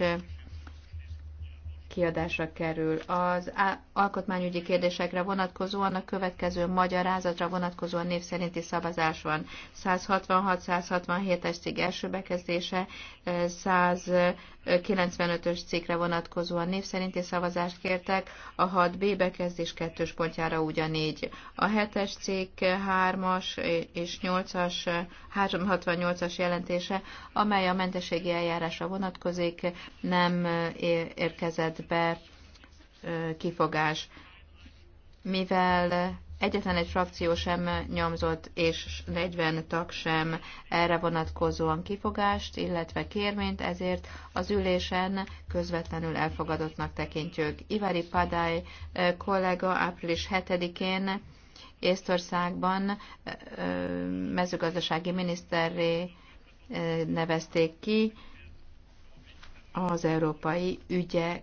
és kiadásra kerül. Az alkotmányügyi kérdésekre vonatkozóan a következő magyarázatra vonatkozóan név szerinti szavazás van. 166-167-es cikk első bekezdése, 195-ös cikkre vonatkozóan név szerinti szavazást kértek, a 6B bekezdés kettős pontjára ugyanígy. A 7-es cikk 3-as és 8-as, 368-as jelentése, amely a mentességi eljárásra vonatkozik, nem érkezett per kifogás. Mivel egyetlen egy frakció sem nyomzott, és 40 tag sem erre vonatkozóan kifogást, illetve kérményt, ezért az ülésen közvetlenül elfogadottnak tekintjük. Ivari Padály kollega április 7-én Észtországban mezőgazdasági miniszterré nevezték ki az európai ügyek